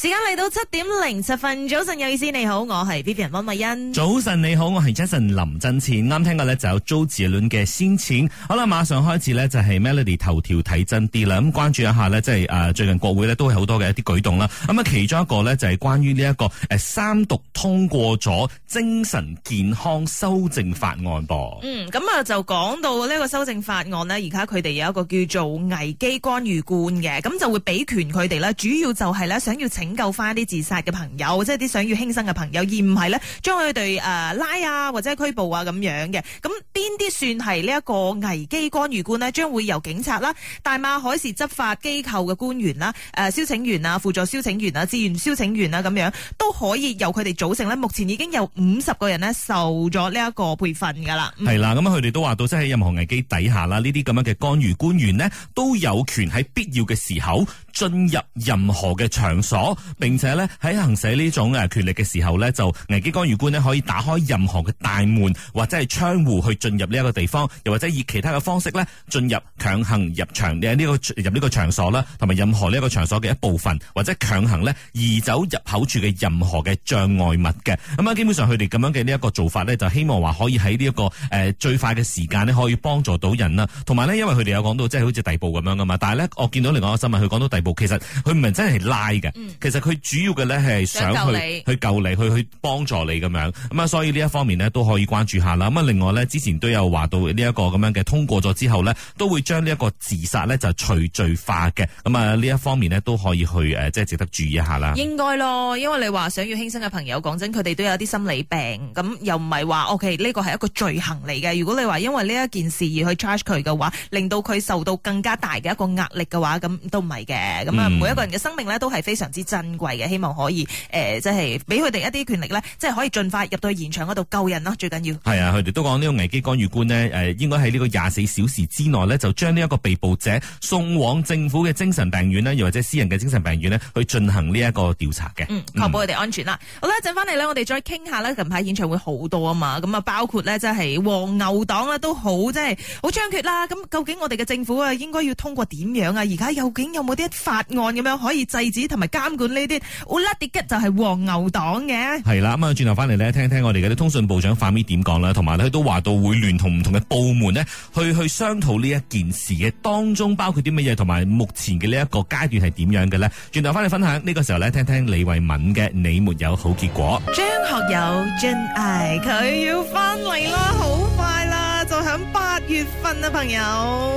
時間嚟到七點零十分，早晨有意思，你好，我係 Vivian 温慧欣。早晨你好，我係 Jason 林振前。啱聽過咧就有《租子戀》嘅先錢。好啦，馬上開始呢，就係 Melody 頭條睇真啲啦。咁關注一下呢，即係誒最近國會呢，都係好多嘅一啲舉動啦。咁啊其中一個呢、這個，就係關於呢一個誒三讀通過咗精神健康修正法案噃。嗯，咁啊就講到呢個修正法案呢，而家佢哋有一個叫做危機干預官嘅，咁就會俾權佢哋咧，主要就係呢，想要請。拯救翻啲自殺嘅朋友，即係啲想要輕生嘅朋友，而唔係咧將佢哋誒拉啊或者拘捕啊咁樣嘅。咁邊啲算係呢一個危機干預官呢？將會由警察啦、大馬海事執法機構嘅官員啦、誒消拯員啊、輔助消拯員啊、志願消拯員啊咁樣都可以由佢哋組成咧。目前已經有五十個人咧受咗呢一個培訓噶啦。係啦，咁佢哋都話到，即係喺任何危機底下啦，呢啲咁樣嘅干預官員呢，都有權喺必要嘅時候進入任何嘅場所。並且呢喺行使呢種誒權力嘅時候呢，就危機干預官呢，可以打開任何嘅大門或者係窗戶去進入呢一個地方，又或者以其他嘅方式呢進入強行入場嘅呢個入呢個場所啦，同埋任何呢一個場所嘅一部分，或者強行呢移走入口處嘅任何嘅障礙物嘅。咁啊，基本上佢哋咁樣嘅呢一個做法呢，就希望話可以喺呢一個誒最快嘅時間呢，可以幫助到人啦。同埋呢，因為佢哋有講到即係、就是、好似地步咁樣噶嘛。但係呢，我見到另外一個新聞，佢講到地步，其實佢唔係真係拉嘅。嗯其實佢主要嘅咧係想去去救你，你去去幫助你咁樣咁啊，所以呢一方面呢都可以關注一下啦。咁啊，另外呢，之前都有話到呢、這、一個咁樣嘅通過咗之後呢，都會將呢一個自殺呢就除罪化嘅。咁啊，呢一方面呢都可以去誒，即係值得注意一下啦。應該咯，因為你話想要輕生嘅朋友，講真，佢哋都有啲心理病，咁又唔係話 OK 呢個係一個罪行嚟嘅。如果你話因為呢一件事而去 charge 佢嘅話，令到佢受到更加大嘅一個壓力嘅話，咁都唔係嘅。咁啊、嗯，每一個人嘅生命呢都係非常之珍珍貴嘅，希望可以誒、呃，即係俾佢哋一啲權力咧，即係可以盡快入到去現場嗰度救人咯，最緊要係啊。佢哋都講呢個危機干預官呢，誒、呃，應該喺呢個廿四小時之內呢，就將呢一個被捕者送往政府嘅精神病院咧，又或者私人嘅精神病院呢，去進行呢一個調查嘅，確、嗯、保佢哋安全啦。嗯、好啦，一陣翻嚟呢，我哋再傾下呢。近排演唱會好多啊嘛，咁啊，包括呢，即係黃牛黨啊，都好即係好猖獗啦。咁究竟我哋嘅政府啊，應該要通過點樣啊？而家究竟有冇啲法案咁樣可以制止同埋監管？呢啲烏拉吉就係黃牛黨嘅，係啦咁啊！轉頭翻嚟咧，聽聽我哋嘅啲通訊部長范咪點講啦，同埋咧，佢都話到會聯同唔同嘅部門咧，去去商討呢一件事嘅，當中包括啲乜嘢，同埋目前嘅呢一個階段係點樣嘅咧？轉頭翻嚟分享呢個時候咧，聽聽李慧敏嘅你沒有好結果，張學友真愛佢要翻嚟啦，好。等八月份啊，朋友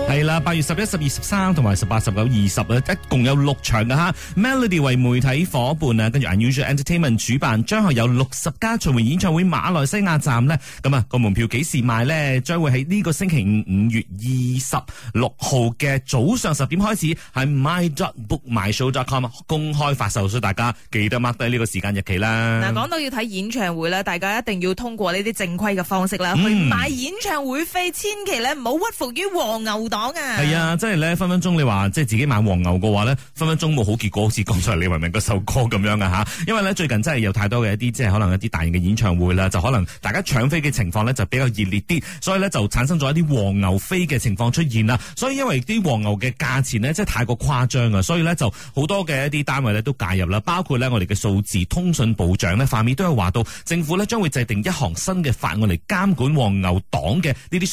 係啦，八月十一、十二、十三同埋十八、十九、二十啊，一共有六場噶吓。Melody 為媒體夥伴啊，跟住 Unusual Entertainment 主辦，將後有六十家巡迴演唱會馬來西亞站呢。咁啊，個門票幾時賣呢？將會喺呢個星期五五月二十六號嘅早上十點開始，喺 my.bookmyshow.com 公開發售，所以大家記得 mark 低呢個時間日期啦。嗱，講到要睇演唱會啦，大家一定要通過呢啲正規嘅方式啦，去買演唱會票、嗯嗯你千祈咧唔好屈服於黃牛黨啊！係啊，真係咧，分分鐘你話即係自己買黃牛嘅話呢，分分鐘冇好結果，好似剛才李文明嗰首歌咁樣噶吓。因為呢，最近真係有太多嘅一啲即係可能一啲大型嘅演唱會啦，就可能大家搶飛嘅情況呢就比較熱烈啲，所以呢，就產生咗一啲黃牛飛嘅情況出現啦。所以因為啲黃牛嘅價錢呢，即係太過誇張啊，所以呢，就好多嘅一啲單位呢都介入啦，包括呢，我哋嘅數字通訊部長呢，方面都有話到政府呢，將會制定一項新嘅法案嚟監管黃牛黨嘅呢啲。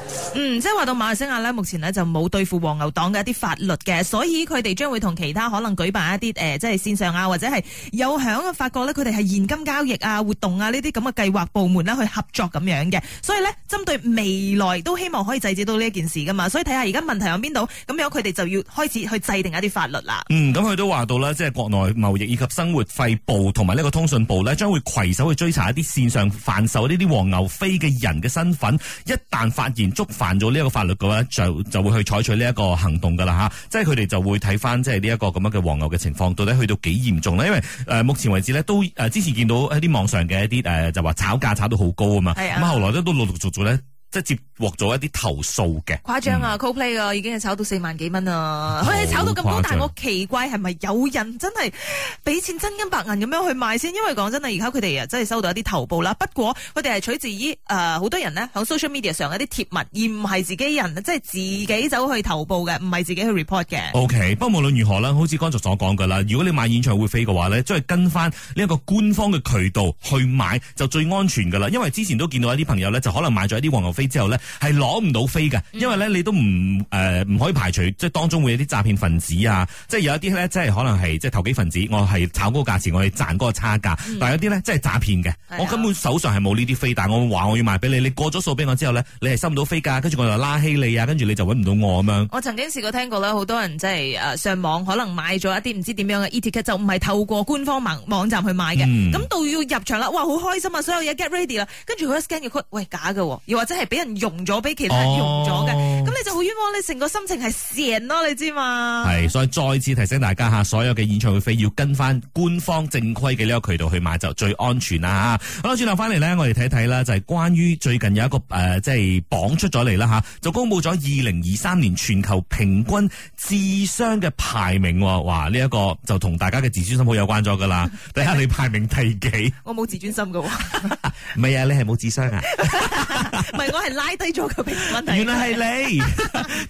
嗯，即係話到馬來西亞呢，目前呢就冇對付黃牛黨嘅一啲法律嘅，所以佢哋將會同其他可能舉辦一啲誒、呃，即係線上啊，或者係有響法國呢，佢哋係現金交易啊、活動啊呢啲咁嘅計劃部門呢去合作咁樣嘅。所以呢，針對未來都希望可以制止到呢一件事噶嘛，所以睇下而家問題喺邊度，咁有佢哋就要開始去制定一啲法律啦。嗯，咁佢都話到啦，即係國內貿易以及生活費部同埋呢個通訊部呢，將會攜手去追查一啲線上販售呢啲黃牛飛嘅人嘅身份，一旦發現，觸犯咗呢個法律嘅話，就就會去採取呢一個行動㗎喇吓，即係佢哋就會睇翻即係呢一個咁樣嘅黃牛嘅情況，到底去到幾嚴重咧？因為誒、呃、目前為止咧都誒、呃、之前見到一啲網上嘅一啲誒、呃、就話炒價炒到好高是啊嘛，咁後來咧都陸陸續續咧。即接獲咗一啲投訴嘅，誇張啊 Coldplay 啊，已經係炒到四萬幾蚊啊！佢哋炒到咁高，但我奇怪係咪有人真係俾錢真金白銀咁樣去賣先？因為講真啦，而家佢哋啊真係收到一啲投報啦。不過佢哋係取自於誒好多人呢，喺 social media 上一啲貼文，而唔係自己人，即係自己走去投報嘅，唔係自己去 report 嘅。OK，不過無論如何啦，好似剛才所講㗎啦，如果你買演唱會飛嘅話咧，即係跟翻呢一個官方嘅渠道去買就最安全㗎啦。因為之前都見到一啲朋友咧，就可能買咗一啲黃牛之後呢，係攞唔到飛嘅，因為呢，你都唔誒唔可以排除，即係當中會有啲詐騙分子啊，即係有一啲呢，即係可能係即係投機分子，我係炒高價錢，我係賺嗰個差價，嗯、但係有啲呢，即係詐騙嘅，的我根本手上係冇呢啲飛，但係我話我要賣俾你，你過咗數俾我之後呢，你係收唔到飛㗎，跟住我就拉起你啊，跟住你就揾唔到我咁樣。我曾經試過聽過啦，好多人即、就、係、是呃、上網可能買咗一啲唔知點樣嘅 e-ticket 就唔係透過官方網站去買嘅，咁到、嗯、要入場啦，哇好開心啊，所有嘢 get ready 啦，跟住佢 scan 嘅 code 喂假嘅、啊，又或者係。俾人用咗，俾其他人用咗嘅，咁、哦、你就好冤枉。你成個心情係邪咯，你知嘛？係，所以再次提醒大家吓，所有嘅演唱會飛要跟翻官方正規嘅呢個渠道去買就最安全啦。吓的，好啦，轉頭翻嚟咧，我哋睇睇啦，就係、是、關於最近有一個誒、呃，即係榜出咗嚟啦吓，就公布咗二零二三年全球平均智商嘅排名。哇，呢、這、一個就同大家嘅自尊心好有關咗噶啦。睇 下你排名第幾？我冇自尊心噶，唔係 啊，你係冇智商啊， 係拉低咗個原來係你，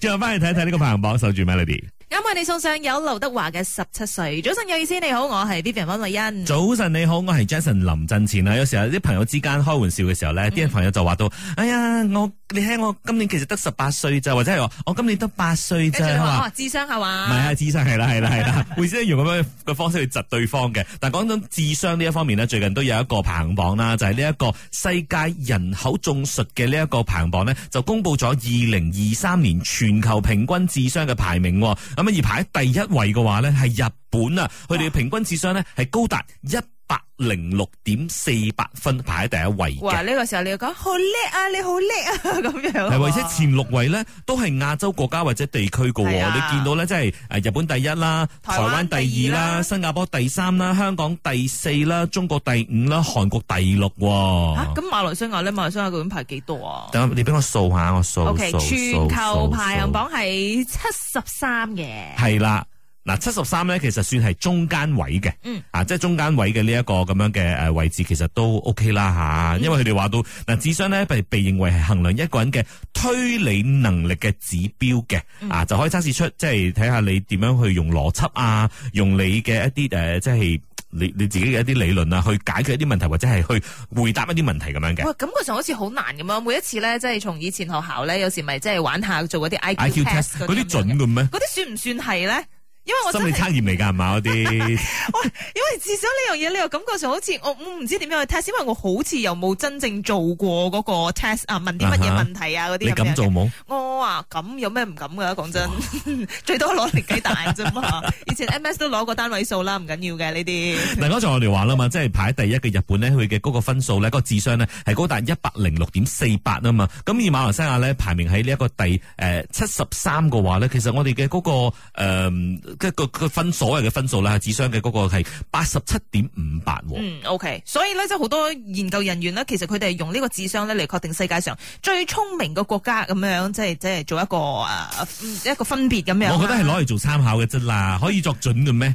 最後翻去睇睇呢個排行榜，守住 Melody。啱為你送上有劉德華嘅十七歲。早晨有意思，你好，我係 Beverly 溫麗欣。早晨你好，我係 Jason 林振前啊。有時候啲朋友之間開玩笑嘅時候呢，啲、嗯、朋友就話到，哎呀，我你聽我今年其實得十八歲咋，或者係我，我今年得八歲咋。智商係嘛？唔係啊，智商係啦係啦係啦，互相 用咁樣嘅方式去窒對方嘅。但講緊智商呢一方面呢，最近都有一個排行榜啦，就係呢一個世界人口綜述嘅呢一個。排行榜咧就公布咗二零二三年全球平均智商嘅排名，咁而排喺第一位嘅話咧係日本啊，佢哋嘅平均智商咧係高達一百零六點四百分排喺第一位哇！呢、這個時候你要講好叻啊，你好叻啊咁樣，係，而且前六位咧都係亞洲國家或者地區嘅、啊，是啊、你見到咧即係誒日本第一啦，台灣第二啦，二啦新加坡第三啦，嗯、香港第四啦，中國第五啦，韓國第六、啊。吓、啊，咁馬來西亞咧，馬來西亞究竟排幾多啊？等下你俾我數下，我數。O K，全球排行榜係七十三嘅。係啦。嗱七十三咧，其實算係中間位嘅，嗯、啊，即、就、係、是、中間位嘅呢一個咁樣嘅誒位置，其實都 OK 啦吓，嗯、因為佢哋話到，嗱、啊、智商咧被被認為係衡量一個人嘅推理能力嘅指標嘅，嗯、啊，就可以測試出即係睇下你點樣去用邏輯啊，用你嘅一啲誒，即、呃、係、就是、你你自己嘅一啲理論啊，去解決一啲問題或者係去回答一啲問題咁樣嘅。感覺上好似好難咁樣，每一次咧即係從以前學校咧，有時咪即係玩下做嗰啲 IQ test 嗰啲準嘅咩？嗰啲算唔算係咧？因為我心理測驗嚟噶係嘛嗰啲？喂，因為至少呢樣嘢，呢個感覺上好似我唔唔、嗯、知點樣去 test，因為我好似又冇真正做過嗰個 test 啊，問啲乜嘢問題啊嗰啲咁做冇我啊咁有咩唔敢噶？講真，哇 最多攞嚟幾大啫嘛。 以前 MS 都攞過單位數啦，唔緊要嘅呢啲。嗱嗰陣我哋話啦嘛，即係排第一嘅日本咧，佢嘅嗰個分數咧，個智商咧係高達一百零六點四八啊嘛。咁而馬來西亞咧排名喺呢一個第誒七十三嘅話咧，其實我哋嘅嗰個誒。呃即個個分所謂嘅分數啦，智商嘅嗰個係八十七點五八。嗯，OK，所以咧即係好多研究人員咧，其實佢哋係用呢個智商咧嚟確定世界上最聰明嘅國家咁樣，即係即係做一個啊一個分別咁樣。我覺得係攞嚟做參考嘅啫啦，可以作準嘅咩？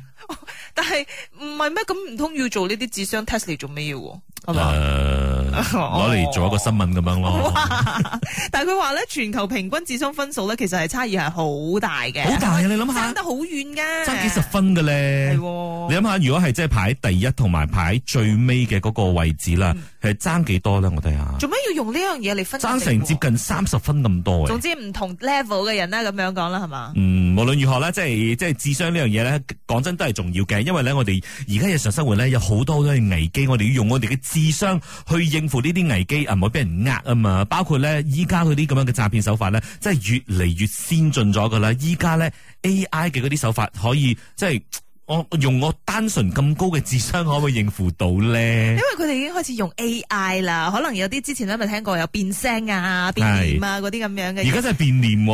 但係唔係咩？咁唔通要做呢啲智商 test 嚟做咩要？係嘛？呃攞嚟做一個新聞咁樣咯，哇但佢話咧，全球平均智商分數咧，其實係差異係好大嘅，好大啊！你諗下，爭得好遠嘅，爭幾十分嘅咧，的你諗下，如果係即係排第一同埋排最尾嘅嗰個位置啦，係爭幾多咧？我哋呀？做咩要用呢樣嘢嚟分？爭成接近三十分咁多嘅。總之唔同 level 嘅人呢，咁樣講啦，係嘛？嗯。無論如何咧，即係即係智商呢樣嘢咧，講真都係重要嘅，因為咧我哋而家日常生活咧有好多都係危機，我哋要用我哋嘅智商去應付呢啲危機，啊唔好俾人呃啊嘛。包括咧依家嗰啲咁樣嘅詐騙手法咧，真係越嚟越先進咗噶啦。依家咧 AI 嘅嗰啲手法可以即係。我、哦、用我單純咁高嘅智商可唔可以應付到咧？因為佢哋已經開始用 AI 啦，可能有啲之前都未聽過有變聲啊、變臉啊嗰啲咁樣嘅。而家真係變臉，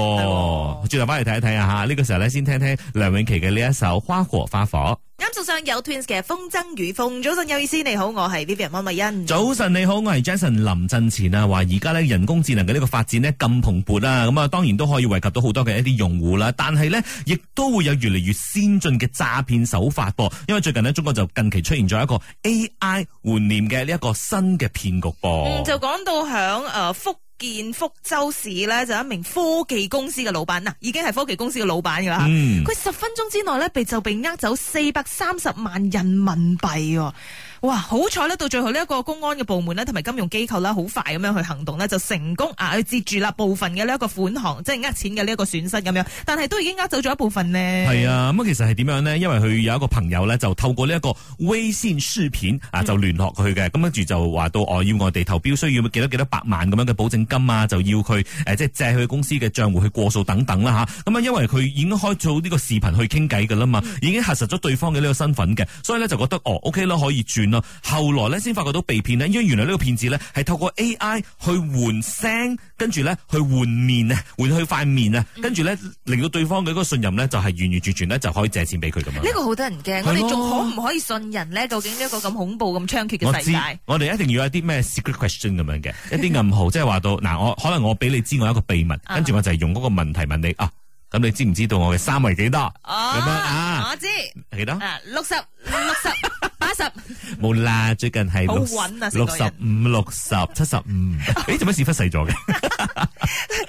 轉頭翻嚟睇一睇啊！吓呢、哦呢個時候咧，先聽聽梁詠琪嘅呢一首《花火》《花火》。今日上有 Twins 嘅風箏雨風，早晨有意思，你好，我係 Vivian 安慧欣。早晨你好，我係 Jason 林振前啊。話而家咧，人工智能嘅呢個發展呢咁蓬勃啦，咁啊當然都可以惠及到好多嘅一啲用戶啦。但係呢，亦都會有越嚟越先進嘅詐騙手法噃。因為最近呢中國就近期出現咗一個 AI 換臉嘅呢一個新嘅騙局噃、嗯。就講到響誒福。呃建福州市咧就一名科技公司嘅老闆嗱，已經係科技公司嘅老闆噶啦，佢、嗯、十分鐘之內咧被就被呃走四百三十萬人民幣。哇！好彩呢，到最後呢一個公安嘅部門呢，同埋金融機構啦，好快咁樣去行動呢，就成功啊去截住啦部分嘅呢一個款項，即係呃錢嘅呢一個損失咁樣。但係都已經呃走咗一部分呢。係啊，咁其實係點樣呢？因為佢有一個朋友呢，就透過呢一個微信視片啊，就聯絡佢嘅。咁跟住就話到我要外地投標需要幾多幾多百萬咁樣嘅保證金啊，就要佢誒即係借佢公司嘅帳戶去過數等等啦嚇。咁啊，因為佢已經開咗呢個視頻去傾偈嘅啦嘛，已經核實咗對方嘅呢個身份嘅，所以呢，就覺得哦，OK 啦，可以轉。後來咧，先發覺到被騙呢，因為原來呢個騙子咧係透過 AI 去換聲，跟住咧去換面啊，換去塊面啊，跟住咧令到對方佢嗰個信任咧就係完完全全咧就可以借錢俾佢咁樣。呢個好得人驚，我哋仲可唔可以信人呢？究竟呢一個咁恐怖、咁猖獗嘅世界，我哋一定要有啲咩 secret question 咁樣嘅，一啲暗號，即係話到嗱，我可能我俾你知我一個秘密，跟住我就係用嗰個問題問你啊，咁你知唔知道我嘅三圍幾多？咁樣啊，我知幾多？六十六十八十。冇啦，最近係好穩啊。六十五、六十七十五。誒，做、欸、乜屎忽細咗嘅？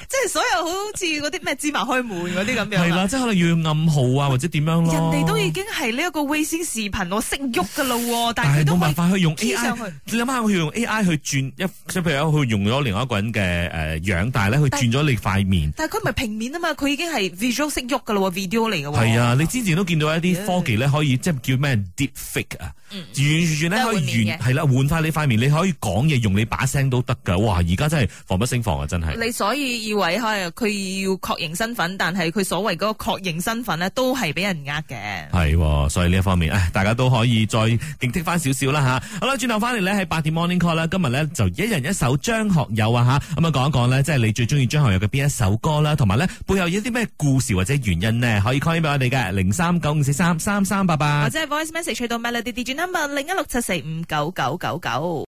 即係 所有好似嗰啲咩芝麻開門嗰啲咁樣。係啦，即係可能要暗號啊，或者點樣咯。人哋都已經係呢一個 WeChat 視頻，我識喐噶啦喎。但係都冇唉辦法去用 AI 上去。你諗下，我要用 AI 去轉一，譬如佢去用咗另外一個人嘅誒樣，大係咧去轉咗你塊面。但佢唔係平面啊嘛，佢已經係 Visual 識喐噶啦喎，video 嚟嘅。係啊，你之前都見到一啲科技咧，可以 Yeah. 即係叫咩 deep fake 啊、嗯，你可以換係啦，換翻你塊面，你可以講嘢，用你把聲都得噶。哇，而家真係防不勝防啊，真係。你所以以為啊，佢要確認身份，但係佢所謂嗰個確認身份咧，都係俾人呃嘅。係，所以呢一方面，誒，大家都可以再警惕翻少少啦，吓。好啦，轉頭翻嚟咧，喺八點 morning call 啦，今日咧就一人一首張學友啊，吓咁啊，講一講咧，即係你最中意張學友嘅邊一首歌啦，同埋咧背後有啲咩故事或者原因咧，可以 call 俾我哋嘅零三九五四三三三八八，或者係 voice message 去到 Melody digit number 零一六。七四五九九九九。